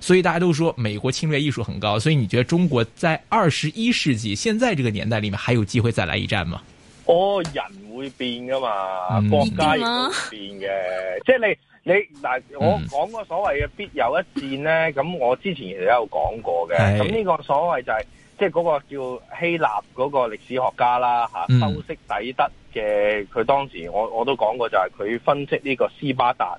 所以大家都說美國侵略藝術很高，所以你覺得中國在二十一世紀現在這個年代裏面還有機會再來一戰嗎？哦，人會變噶嘛，嗯、國家亦都變嘅，啊、即係你你嗱，我講個所謂嘅必有一戰咧，咁、嗯、我之前其實都有講過嘅，咁呢、哎、個所謂就係即係嗰個叫希臘嗰個歷史學家啦吓，修昔底德嘅，佢當時我我都講過就係佢分析呢個斯巴達。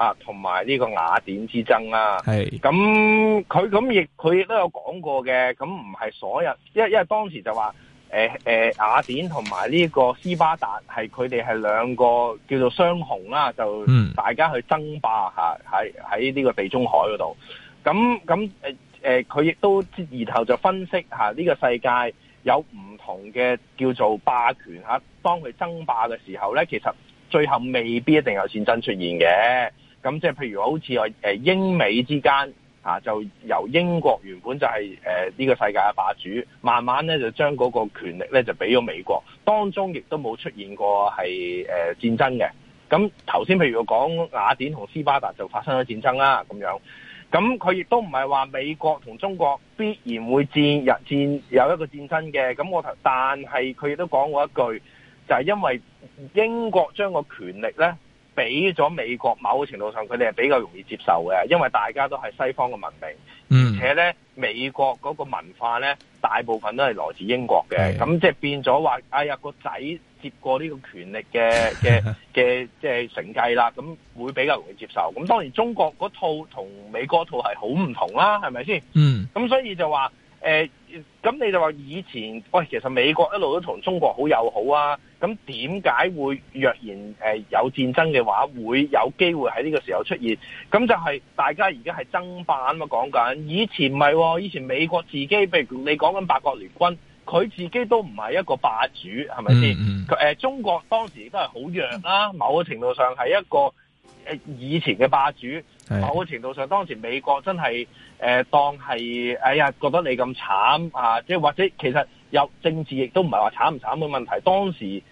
啊，同埋呢個雅典之爭啦、啊，係咁佢咁亦佢都有講過嘅，咁唔係所有，因為因為當時就話誒誒雅典同埋呢個斯巴達係佢哋係兩個叫做雙雄啦、啊，就大家去爭霸嚇，喺喺呢個地中海嗰度，咁咁誒誒佢亦都然後就分析嚇呢個世界有唔同嘅叫做霸權嚇、啊，當佢爭霸嘅時候咧，其實最後未必一定有戰爭出現嘅。咁即係譬如好似我英美之間，就由英國原本就係呢個世界嘅霸主，慢慢咧就將嗰個權力咧就俾咗美國。當中亦都冇出現過係戰爭嘅。咁頭先譬如我講雅典同斯巴達就發生咗戰爭啦，咁樣。咁佢亦都唔係話美國同中國必然會戰日戰有一個戰爭嘅。咁我頭但係佢亦都講過一句，就係因為英國將個權力咧，俾咗美國，某個程度上佢哋係比較容易接受嘅，因為大家都係西方嘅文明，嗯、而且咧美國嗰個文化咧大部分都係來自英國嘅，咁即係變咗話，哎呀個仔接過呢個權力嘅嘅嘅即係成繼啦，咁會比較容易接受。咁當然中國嗰套同美國嗰套係好唔同啦，係咪先？嗯，咁所以就話。誒，咁、呃、你就話以前，喂，其實美國一路都同中國好友好啊，咁點解會若然誒、呃、有戰爭嘅話會有機會喺呢個時候出現？咁就係大家而家係爭霸嘛，講緊以前唔係、哦，以前美國自己，譬如你講緊八國聯軍，佢自己都唔係一個霸主，係咪先？誒、嗯嗯呃，中國當時亦都係好弱啦、啊，某個程度上係一個誒、呃、以前嘅霸主，某個程度上，當時美國真係。誒、呃，當係哎呀，覺得你咁慘啊！即係或者，其實有政治亦都唔係話慘唔慘嘅問題。當時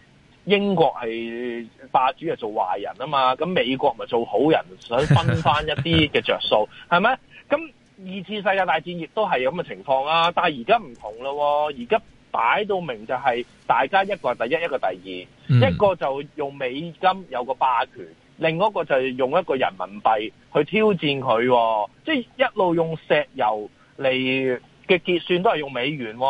英國係霸主，係做壞人啊嘛，咁美國咪做好人，想分翻一啲嘅着數，係咪？ 咁二次世界大戰亦都係咁嘅情況啊！但係而家唔同咯、啊，而家擺到明就係大家一個係第一，一個是第二，嗯、一個就用美金有個霸權。另一個就係用一個人民幣去挑戰佢喎，即係一路用石油嚟嘅結算都係用美元喎。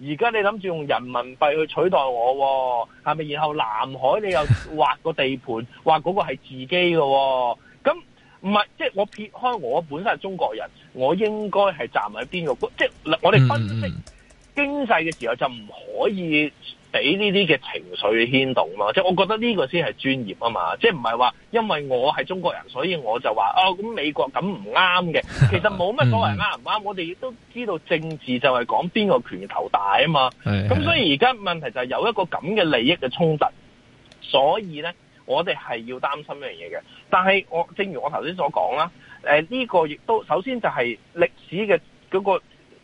而家你諗住用人民幣去取代我喎，係咪？然後南海你又劃個地盤，劃嗰 個係自己嘅喎。咁唔係，即係我撇開我本身係中國人，我應該係站喺邊個？即係我哋分析經濟嘅時候就唔可以。俾呢啲嘅情緒牽動嘛，即係我覺得呢個先係專業啊嘛，即係唔係話因為我係中國人，所以我就話啊咁美國咁唔啱嘅，其實冇乜所謂啱唔啱， 我哋都知道政治就係講邊個拳頭大啊嘛，咁 所以而家問題就係有一個咁嘅利益嘅衝突，所以呢我哋係要擔心呢樣嘢嘅。但係我正如我頭先所講啦，呃呢個亦都首先就係歷史嘅嗰個。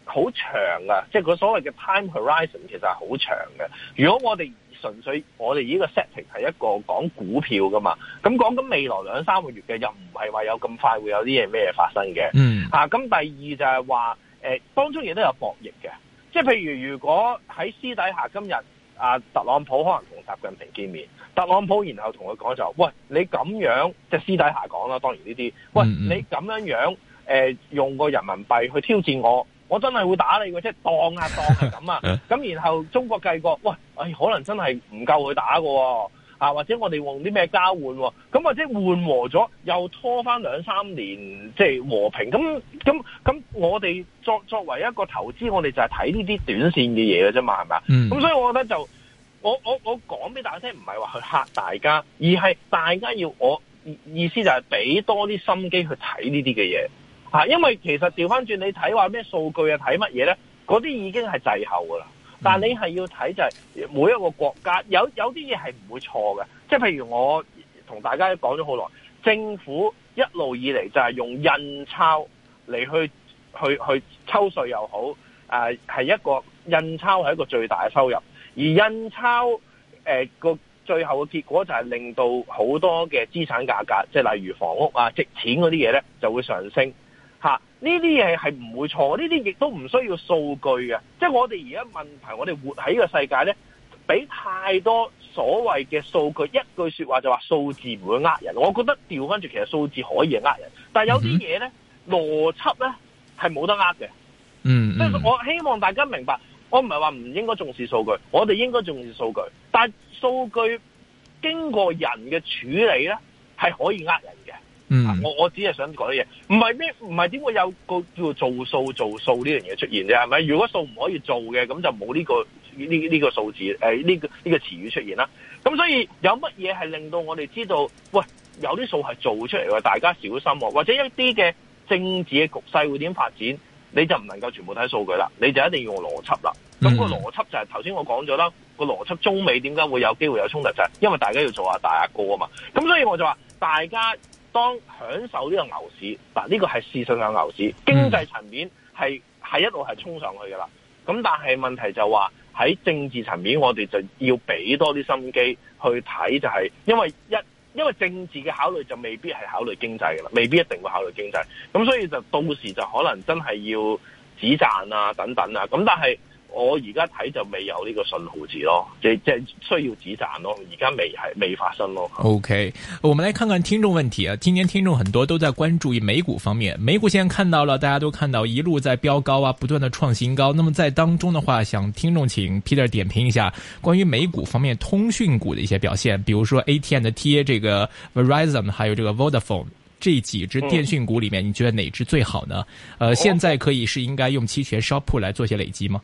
好長嘅，即係佢所謂嘅 time horizon 其實係好長嘅。如果我哋純粹我哋呢個 setting 係一個講股票㗎嘛，咁講緊未來兩三個月嘅又唔係話有咁快會有啲嘢咩嘢發生嘅。嗯、mm. 啊，咁第二就係話誒，當中亦都有博弈嘅，即係譬如如果喺私底下今日啊，特朗普可能同習近平見面，特朗普然後同佢講就：，喂，你咁樣即係私底下講啦，當然呢啲，mm. 喂，你咁樣樣、呃、用個人民幣去挑戰我。我真係會打你嘅，即係當下當下咁啊！咁 然後中國計過，喂、哎，可能真係唔夠佢打喎，啊，或者我哋用啲咩交換，咁、啊、或者緩和咗，又拖翻兩三年，即係和平。咁咁咁，我哋作作為一個投資，我哋就係睇呢啲短線嘅嘢嘅啫嘛，係咪啊？咁、嗯、所以我覺得就，我我我講俾大家聽，唔係話去吓大家，而係大家要我意思就係俾多啲心機去睇呢啲嘅嘢。因為其實調返轉你睇話咩數據啊，睇乜嘢咧？嗰啲已經係滯後噶啦。但係你係要睇就係每一個國家有有啲嘢係唔會錯嘅，即係譬如我同大家講咗好耐，政府一路以嚟就係用印鈔嚟去去去抽稅又好，誒、呃、係一個印鈔係一個最大嘅收入，而印鈔誒個、呃、最後嘅結果就係令到好多嘅資產價格，即係例如房屋啊值錢嗰啲嘢咧就會上升。呢啲嘢係唔會錯，呢啲亦都唔需要數據嘅。即係我哋而家問題，我哋活喺呢個世界咧，俾太多所謂嘅數據，一句說話就話數字唔會呃人。我覺得調翻住其實數字可以呃人，但係有啲嘢咧邏輯咧係冇得呃嘅。嗯、mm，即、hmm. 我希望大家明白，我唔係話唔應該重視數據，我哋應該重視數據，但係數據經過人嘅處理咧係可以呃人嘅。嗯，我我只係想講啲嘢，唔係咩？唔係點會有個叫做做數做數呢樣嘢出現啫，係咪？如果數唔可以做嘅，咁就冇呢個呢呢個數字誒呢個呢個詞語出現啦。咁所以有乜嘢係令到我哋知道，喂，有啲數係做出嚟嘅，大家小心，或者一啲嘅政治嘅局勢會點發展，你就唔能夠全部睇數據啦，你就一定要用邏輯啦。咁個邏輯就係頭先我講咗啦，個邏輯中美點解會有機會有衝突，就係因為大家要做下大阿哥啊嘛。咁所以我就話大家。當享受呢個牛市，嗱、這、呢個係事實上牛市，經濟層面係係一路係衝上去噶啦。咁但係問題就話喺政治層面，我哋就要俾多啲心機去睇、就是，就係因為一因為政治嘅考慮就未必係考慮經濟噶啦，未必一定會考慮經濟。咁所以就到時就可能真係要止賺啊等等啊。咁但係。我而家睇就未有呢個信號字咯，即、係、即、係、需要子彈咯，而家未係未發生咯。OK，我們來看看聽眾問題啊！今天聽眾很多都在關注於美股方面，美股現在看到了，大家都看到一路在飆高啊，不斷的創新高。那麼在當中的話，想聽眾請 Peter 點評一下關於美股方面通訊股的一些表現，比如說 AT&T，這個 Verizon、um, 還有這個 Vodafone 這幾隻電訊股裏面，嗯、你覺得哪隻最好呢？呃，現在可以是應該用期權 Shop 來做些累積嗎？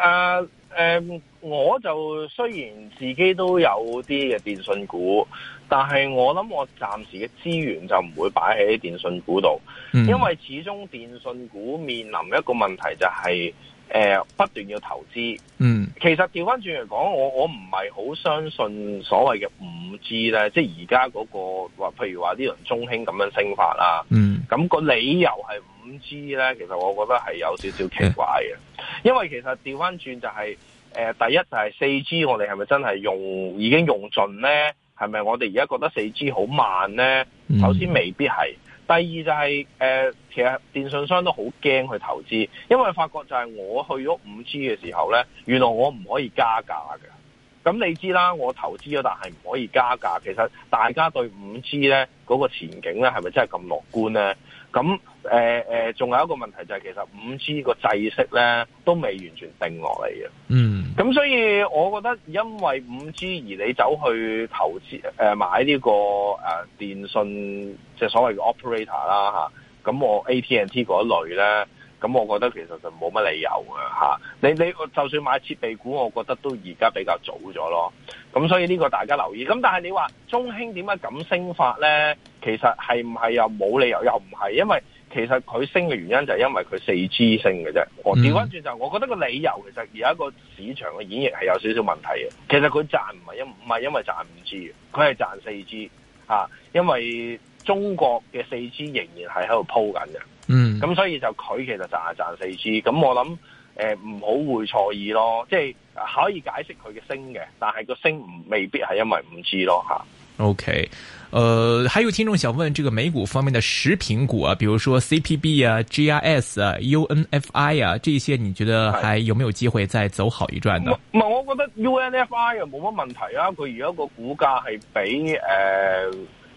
Uh, um, 我就雖然自己都有啲嘅電信股，但係我諗我暫時嘅資源就唔會擺喺電信股度，mm. 因為始終電信股面臨一個問題就係、是 uh, 不斷要投資。嗯，mm. 其實調翻轉嚟講，我我唔係好相信所謂嘅 5G 咧，即係而家嗰個話，譬如話呢輪中興咁樣升法啦，嗯，咁、mm. 個理由係。五 G 咧，其實我覺得係有少少奇怪嘅，因為其實調翻轉就係，誒，第一就係四 G，我哋係咪真係用已經用盡咧？係咪我哋而家覺得四 G 好慢咧？首先未必係，第二就係，誒，其實電信商都好驚去投資，因為發覺就係我去咗五 G 嘅時候咧，原來我唔可以加價嘅。咁你知啦，我投資咗但係唔可以加價。其實大家對五 G 咧嗰個前景咧，係咪真係咁樂觀咧？咁誒，仲有一個問題就係、是、其實五 G 個制式咧，都未完全定落嚟嘅。嗯，咁所以我覺得因為五 G 而你走去投資誒、呃、買呢、這個誒、呃、電信，即係所謂嘅 operator 啦、啊、咁，咁我 AT&T 嗰類咧。咁我覺得其實就冇乜理由嘅，吓，你你就算買設備股，我覺得都而家比較早咗咯。咁所以呢個大家留意。咁但係你話中興點解咁升法咧？其實係唔係又冇理由？又唔係因為，其實佢升嘅原因就係因為佢四 G 升嘅啫。嗯，我調翻轉就，我覺得個理由其實而家個市場嘅演繹係有少少問題嘅。其實佢賺唔係因唔係因為賺五 G，佢係賺四 G, G，啊，因為中國嘅四 G 仍然係喺度鋪緊嘅。嗯，咁所以就佢其實賺係賺四 G，咁我諗誒唔好會錯意咯，即係可以解釋佢嘅升嘅，但係個升唔未必係因為五 G 咯吓。OK，誒、呃，還有聽眾想問，這個美股方面的食品股啊，比如說 CPB 啊、GRS 啊、UNFI 啊，這些你覺得還有沒有機會再走好一轉呢？唔係，我覺得 UNFI 又冇乜問題啊，佢而家個股價係比誒。呃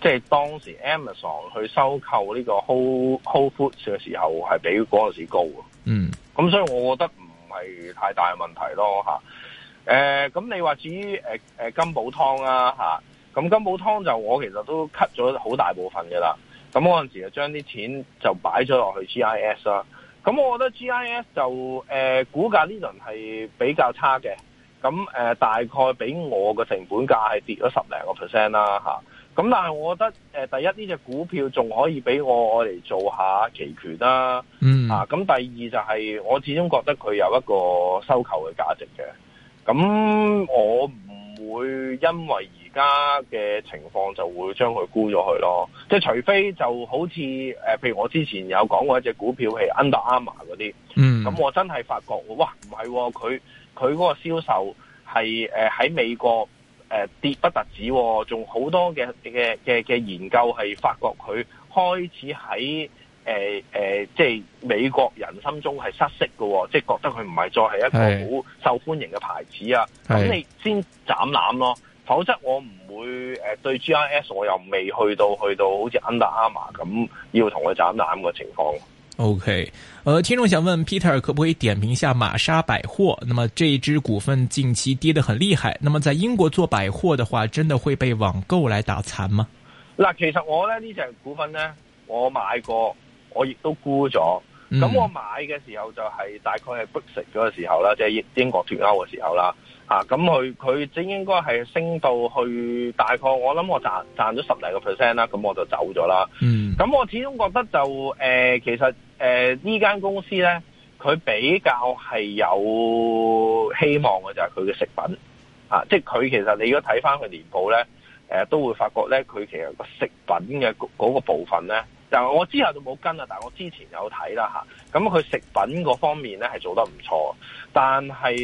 即係當時 Amazon 去收購呢個 Whole, Whole Foods 嘅時候，時候，係比嗰陣時高嘅。嗯，咁所以我覺得唔係太大嘅問題咯，咁、啊、你話至於、呃呃、金寶湯呀、啊，咁、啊、金寶湯就我其實都 cut 咗好大部分嘅啦。咁嗰陣時就將啲錢就擺咗落去 G I S 啦、啊。咁我覺得 G I S 就誒、呃、股價呢輪係比較差嘅。咁、呃、大概俾我嘅成本價係跌咗十零個 percent 啦，啊咁、嗯、但係，我覺得、呃、第一呢隻股票仲可以俾我我嚟做下期權啦、啊，嗯、啊咁、嗯、第二就係我始終覺得佢有一個收購嘅價值嘅。咁、嗯、我唔會因為而家嘅情況就會將佢沽咗去咯。即係除非就好似、呃、譬如我之前有講過一隻股票係 Under Armour 嗰啲，咁、嗯嗯嗯、我真係發覺哇，唔係喎，佢佢嗰個銷售係喺、呃、美國。誒、呃、跌不特止、哦，仲好多嘅嘅嘅嘅研究係發覺佢開始喺、呃呃、即係美國人心中係失色嘅、哦，即係覺得佢唔係再係一個好受歡迎嘅牌子啊。咁的你先斬纜咯，否則我唔會、呃、對 G I S，我又未去到去到好似 Under Armour 咁要同佢斬纜嘅情況。O、okay, K，呃，聽眾想問 Peter 可不可以點評下瑪莎百貨？那麼這一支股份近期跌得很厲害。那麼在英國做百貨的話，真的會被網購來打殘嗎？嗱，其實我咧呢隻股份咧，我買過，我亦都沽咗。咁、嗯、我買嘅時候就係大概係 Brexit 嗰個時候啦，即係英英國脱歐嘅時候啦。啊，咁佢佢正應該係升到去大概我諗我賺賺咗十嚟個 percent 啦，咁我就走咗啦。嗯，咁我始終覺得就誒、呃，其實。誒呢間公司咧，佢比較係有希望嘅就係佢嘅食品啊，即係佢其實你如果睇返佢年報咧，誒、呃、都會發覺咧，佢其實個食品嘅嗰個部分咧，就我之後都冇跟啊，但係我之前有睇啦吓，咁、啊、佢食品嗰方面咧係做得唔錯，但係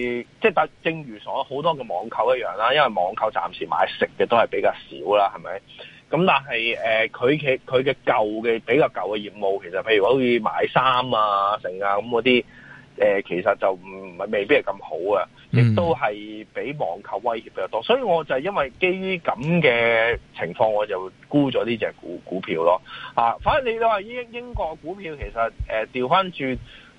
即係但正如所好多嘅網購一樣啦，因為網購暫時買食嘅都係比較少啦，係咪？咁但係誒，佢嘅佢嘅舊嘅比較舊嘅業務，其實譬如好似買衫啊、成啊咁嗰啲，誒、嗯呃，其實就唔係未必係咁好啊，亦都係俾網購威脅比較多，所以我就係因為基於咁嘅情況，我就沽咗呢隻股股票咯。吓，反正你話英英國股票其實誒，調翻轉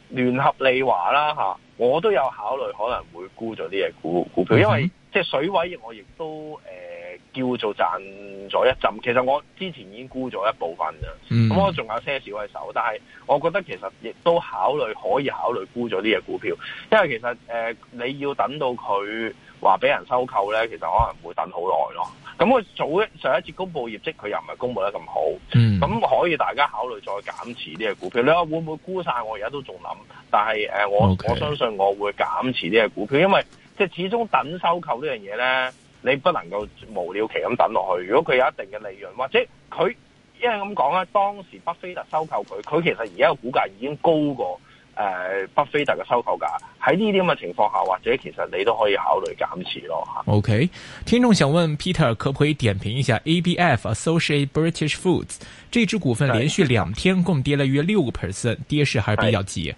聯合利華啦吓，我都有考慮可能會沽咗呢隻股股票，因為即係水位我亦都誒。呃叫做賺咗一陣，其實我之前已經沽咗一部分嘅，咁、嗯、我仲有些少喺手，但係我覺得其實亦都考慮可以考慮沽咗呢隻股票，因為其實誒、呃、你要等到佢話俾人收購咧，其實可能會等好耐咯。咁佢早上一次公布業績，佢又唔係公布得咁好，咁、嗯、可以大家考慮再減持呢隻股票。你話會唔會沽晒？我而家都仲諗，但係誒我我相信我會減持呢隻股票，因為即係始終等收購呢樣嘢咧。你不能夠無了期咁等落去。如果佢有一定嘅利潤，或者佢，因為咁講咧，當時巴菲特收購佢，佢其實而家個股價已經高過誒巴菲特嘅收購價。喺呢啲咁嘅情況下，或者其實你都可以考慮減持咯吓。OK，聽眾想問 Peter 可唔可以點評一下 ABF Associated British Foods 這支股份連續兩天共跌了約六個 percent，跌勢還是比較急。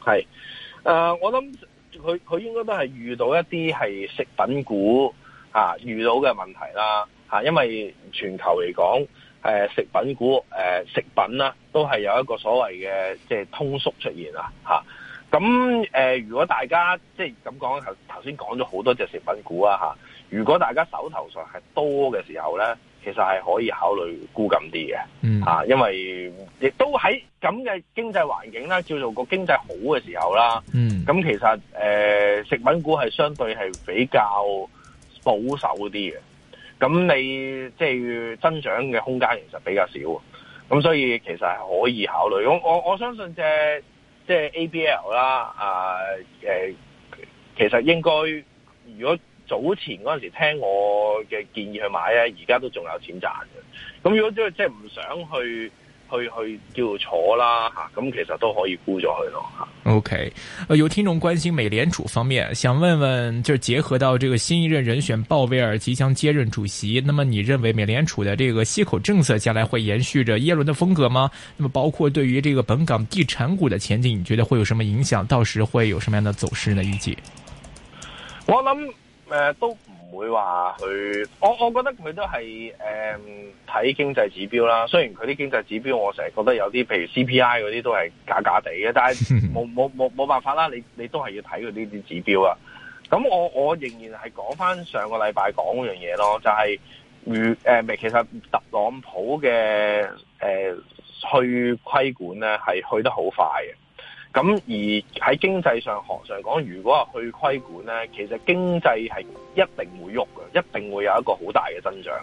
係誒、呃，我諗佢佢應該都係遇到一啲係食品股。啊，遇到嘅問題啦、啊，因為全球嚟講、呃，食品股，呃、食品啦、啊，都係有一個所謂嘅即係通縮出現啦，咁誒，如果大家即係咁講，頭頭先講咗好多隻食品股啊，啊，如果大家手頭上係多嘅時候咧，其實係可以考慮沽咁啲嘅，因為亦都喺咁嘅經濟環境啦，叫做個經濟好嘅時候啦，咁、啊嗯嗯、其實誒、呃、食品股係相對係比較，保守啲嘅，咁你即係，就是，增長嘅空間其實比較少，咁所以其實係可以考慮。我我我相信即係即係 ABL 啦、啊，其實應該如果早前嗰陣時聽我嘅建議去買咧，而家都仲有錢賺嘅。咁如果即係即係唔想去。去去叫做坐啦吓，咁、啊啊啊、其實都可以估咗佢咯 OK，呃、有聽眾關心美聯儲方面，想問問，就結合到這個新一任人選鮑威爾即將接任主席，那麼你認為美聯儲的這個息口政策將來會延續着耶倫的風格嗎？那麼包括對於這個本港地產股的前景，你覺得會有什麼影響？到時會有什麼樣的走勢呢？預計我諗、呃、都。唔會話佢，我我覺得佢都係誒睇經濟指標啦。雖然佢啲經濟指標，我成日覺得有啲，譬如 CPI 嗰啲都係假假地嘅，但係冇冇冇冇辦法啦。你你都係要睇佢呢啲指標啊。咁我我仍然係講翻上個禮拜講嗰樣嘢咯，就係如誒，其實特朗普嘅誒、呃、去規管咧，係去得好快嘅。咁而喺經濟上學上講，如果去規管呢，其實經濟係一定會喐嘅，一定會有一個好大嘅增長，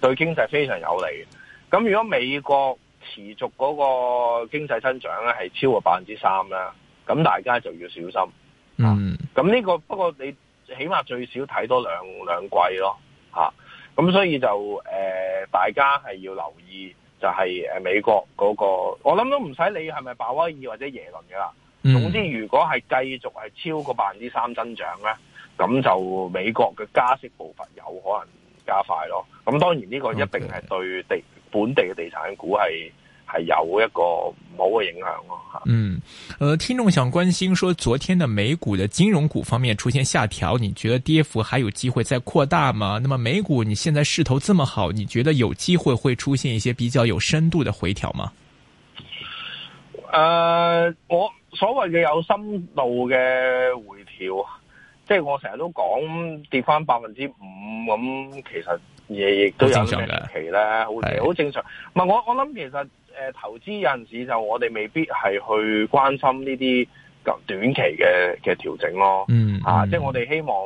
對經濟非常有利。咁如果美國持續嗰個經濟增長咧係超過百分之三呢，咁大家就要小心。嗯，咁呢個不過你起碼最少睇多兩兩季咯，嚇、啊。咁所以就、呃、大家係要留意。就係誒美國嗰個，我諗都唔使理係咪鮑威爾或者耶倫噶啦。總之，如果係繼續係超過百分之三增長咧，咁就美國嘅加息步伐有可能加快咯。咁當然呢個一定係對地本地嘅地產股係係有一個唔好嘅影響咯，啊。嗯，誒、呃，聽眾想關心，說昨天嘅美股嘅金融股方面出現下調，你覺得跌幅還有機會再擴大嗎？那麼美股你現在勢頭這麼好，你覺得有機會會出現一些比較有深度嘅回調嗎？誒、呃，我所謂嘅有深度嘅回調，即係我成日都講跌翻百分之五咁，其實嘢亦都期好好正常。唔係的我我諗其實。誒，投資有陣時就我哋未必係去關心呢啲咁短期嘅嘅調整咯，嗯，嗯啊，即係我哋希望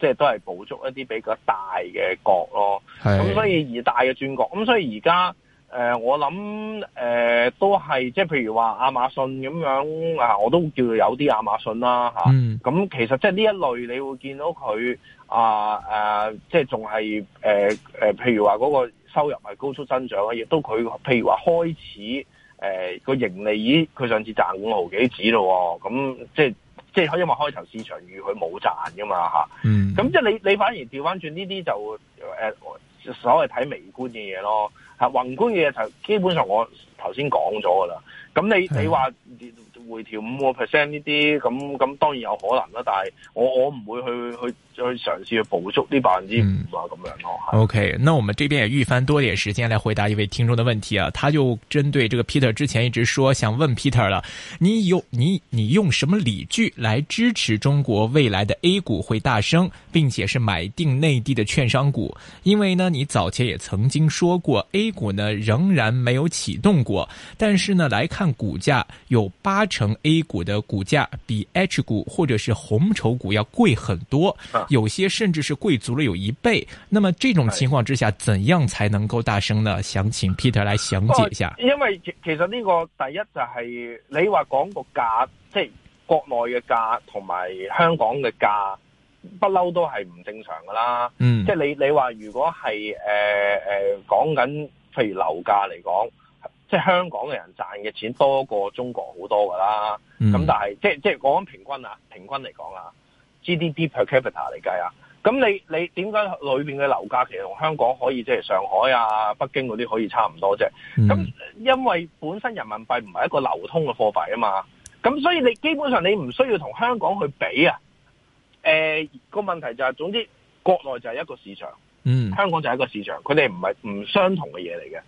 即係都係捕捉一啲比較大嘅角咯，係，咁所以而大嘅轉角，咁所以而家，誒，我諗，誒，都係即係譬如話亞馬遜咁樣，啊，我都叫做有啲亞馬遜啦，嚇，咁其實即係呢一類，你會見到佢啊，誒，即係仲係，誒，誒，譬如話嗰個。收入係高速增長啊！亦都佢譬如話開始誒個、呃、盈利已經佢上次賺五毫幾紙咯喎，咁即係即係因為開頭市場預佢冇賺噶嘛咁、啊嗯、即係你你反而調翻轉呢啲就誒、呃、所謂睇微觀嘅嘢咯，係、啊、宏觀嘅嘢就基本上我頭先講咗噶啦。咁你、嗯、你話說？嗯回調五個 percent 呢啲咁咁當然有可能啦，但係我我唔會去去去嘗試去補足呢百分之五啊咁樣咯。嗯、是。OK，那我們這邊也預翻多點時間來回答一位聽眾的問題啊，他就針對這個 Peter 之前一直說想問 Peter 啦，你用你你用什麼理據來支持中國未來的 A 股會大升並且是買定內地的券商股？因為呢，你早前也曾經說過 A 股呢仍然沒有啟動過，但是呢，來看股價有八成。成 A 股的股價比 H 股或者是紅籌股要貴很多，有些甚至是貴足了有一倍。啊、那麼這種情況之下，是怎樣才能夠大升呢？想請 Peter 來詳解一下。因為其實呢個第一就係、是、你話講個價，即係國內嘅價同埋香港嘅價，是不嬲都係唔正常噶啦。嗯，即係你你話如果係誒誒講緊譬如樓價嚟講。即係香港嘅人賺嘅錢多過中國好多㗎啦，咁、嗯、但係即係即係講平均啊，平均嚟講啊，GDP per capita 嚟計啊，咁你你點解裏面嘅樓價其實同香港可以即係上海啊、北京嗰啲可以差唔多啫？咁、嗯、因為本身人民幣唔係一個流通嘅貨幣啊嘛，咁所以你基本上你唔需要同香港去比啊。誒、呃、個問題就係，總之國內就係一個市場，嗯、香港就係一個市場，佢哋唔係唔相同嘅嘢嚟嘅。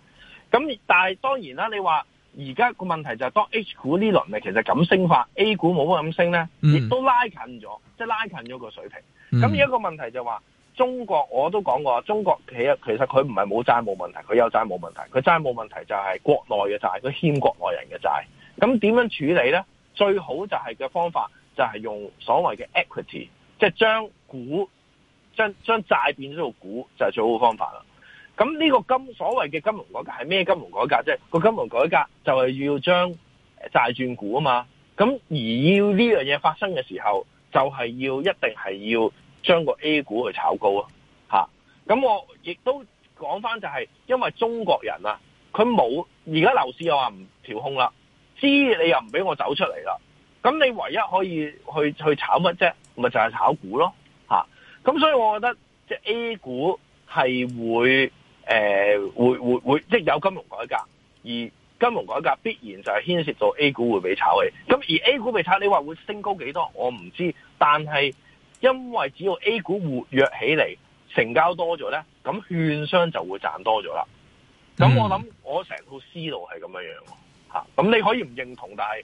咁但係當然啦，你話而家個問題就係當 H 股呢輪咪其實咁升法，A 股冇乜咁升咧，亦都拉近咗，即係拉近咗個水平。咁、mm. 而一個問題就係話中國我都講過，中國其實其實佢唔係冇債冇問題，佢有債冇問題，佢債冇問題就係國內嘅債，佢欠國內人嘅債。咁點樣處理咧？最好就係嘅方法就係用所謂嘅 equity，即將股將，將債變咗做股，就係、是、最好嘅方法啦。咁呢個金所謂嘅金融改革係咩金融改革啫？個金融改革就係要將債轉股啊嘛。咁而要呢樣嘢發生嘅時候，就係要一定係要將個 A 股去炒高啊。吓，咁我亦都講翻就係，因為中國人啊，佢冇而家樓市又話唔調控啦，知你又唔俾我走出嚟啦。咁你唯一可以去去炒乜啫？咪就係炒股咯。吓、啊，咁所以我覺得即係 A 股係會。誒，會會會，即係有金融改革，而金融改革必然就係牽涉到 A 股會被炒起。咁而 A 股被炒，你話會升高幾多？我唔知，但係因為只要 A 股活躍起嚟，成交多咗咧，咁券商就會賺多咗啦。咁我諗，我成套思路係咁樣樣，吓。咁你可以唔認同，但係。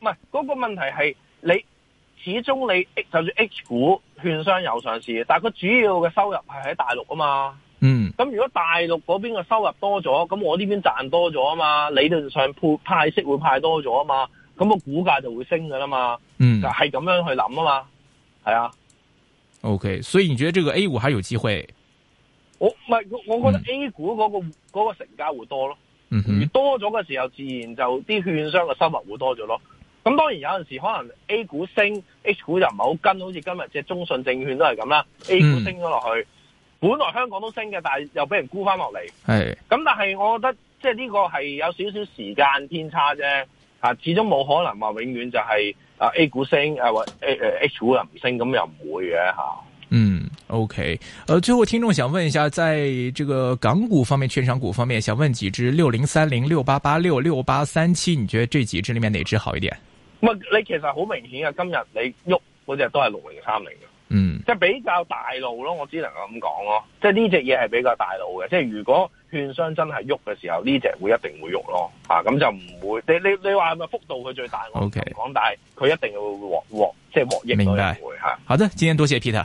唔係嗰個問題，係你始終你就算 H 股券商有上市，但係佢主要嘅收入係喺大陸啊嘛。嗯。咁如果大陸嗰邊嘅收入多咗，咁我呢邊賺多咗啊嘛，你度上派息會派多咗啊嘛，咁、個股價就會升噶啦嘛。嗯。就係咁樣去諗啊嘛。係啊。OK，所以你覺得這個 A 股還有機會？我唔係，我覺得 A 股嗰、嗰個、嗯、嗰個成交會多咯，而、嗯、哼多咗嘅時候，自然就啲券商嘅收入會多咗咯。咁當然有陣時可能 A 股升，H 股就唔係好跟，好似今日即中信證券都係咁啦。A 股升咗落去，嗯、本來香港都升嘅，但係又俾人沽翻落嚟。係的，咁但係我覺得即係呢個係有少少時間偏差啫。始終冇可能話永遠就係啊 A 股升或者 H 股又唔升，咁又唔會嘅。O.K.，呃，最後聽眾想問一下，在這個港股方面，券商股方面，想問幾支？六零三零、六八八六、六八三七，你覺得這幾支裏面哪支好一點？唔係，你其實好明顯啊，今日你喐嗰隻都係六零三零嘅，嗯，即係比較大路咯，我只能咁講咯，即係呢隻嘢係比較大路嘅，即係如果券商真係喐嘅時候，呢隻會一定會喐咯，啊，咁就唔會，你你你話係咪幅度佢最大？O.K.，但係佢一定要獲獲，即係獲益會。明白。啊、好的，今天多謝 Peter。